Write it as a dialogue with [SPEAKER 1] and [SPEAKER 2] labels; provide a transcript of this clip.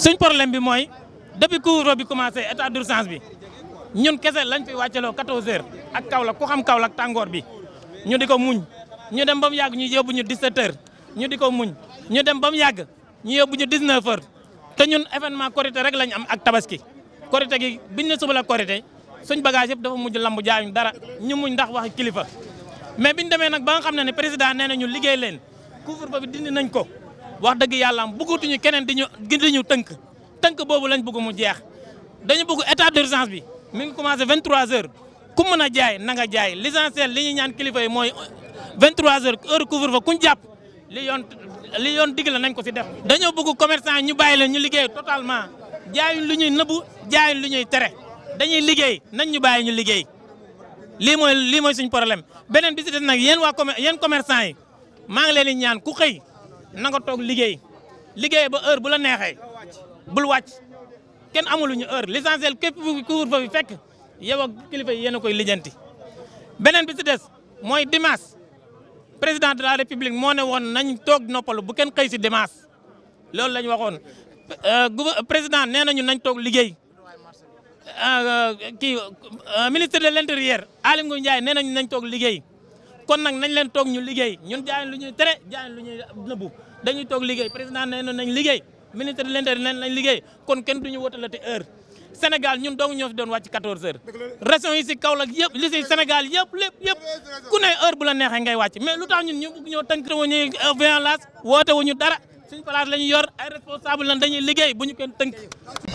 [SPEAKER 1] suñ problème bi mooy depuis couvre-feu bi commencé état d'urgence bi ñun kese lañ fi wàccaloo 14 heures ak Kaolack ku xam Kaolack tàngoor bi ñu di ko muñ ñu dem ba mu yàgg ñu yóbbu ñu 17 heures ñu di ko muñ ñu dem ba mu yàgg ñu yóbbu ñu 19 heures te ñun événement Korité rek lañ am ak tabaski Korité gi biñ ne suba la Korité suñ bagage yëpp dafa mujj lamb jaayuñ dara ñu muñ ndax waxi kilifa mais ñu demee nag ba nga xam ne ne président nee na ñu liggéey leen couvre-feu bi dindi nañ ko. wax dëgg yàlla am bëggatuñu keneen di ñu di ñu tënk tënk boobu lañ bëgg mu jeex dañu bëgg état d'urgence bi mi ngi commencé 23h ku mën a jaay nanga nga jaay l'essentiel li ñuy ñaan kilifa yi mooy 23h heure couvre-feu kuñ jàpp li yoon li yoon digle nañ ko si def. dañoo bëgg commerçant yi ñu bàyyi leen ñu liggéey totalement jaayuñ lu ñuy nëbbu jaayuñ lu ñuy tere dañuy liggéey nañ ñu bàyyi ñu liggéey lii mooy lii mooy suñu problème beneen bi si des nag yéen waa commer yéen commerçant yi maa ngi leen di ñaan ku xëy. nanga toog liggéey liggéey ba heure bu la neexee bul wàcc kenn amuluñu heure l'essentiel képp couvre-feu bi fekk yow ak kilifa yéen a koy lijjanti. beneen bi ci des mooy dimanche président de la république moo ne woon nañ toog noppalu bu kenn xëy ci dimanche loolu la ñu waxoon euh, président nee nañu nañ toog liggéey. Euh, kii euh, ministre de l'intérieur Aly Ngouille Ndiaye nee nañu nañ toog liggéey kon nag nañ leen toog ñu liggéey ñun jaay lu ñu tere jaay lu ñuy nëbbu dañuy toog liggéey président nee na nañ liggéey ministre de l'intérieur nee nañ liggéey kon kenn duñu wotalati heure Sénégal ñun dong ñoo fi doon wàcc 14 heures région yi si Kaolack yëpp li si Sénégal yëpp lépp yëpp ku ne heure bu la neexee ngay wàcc mais lu tax ñun ñu bugg ñoo tënk wu ñuy violence woote wu ñu dara suñu place la ñu yor ay responsable lan dañuy liggéey bu ñu kenn tënk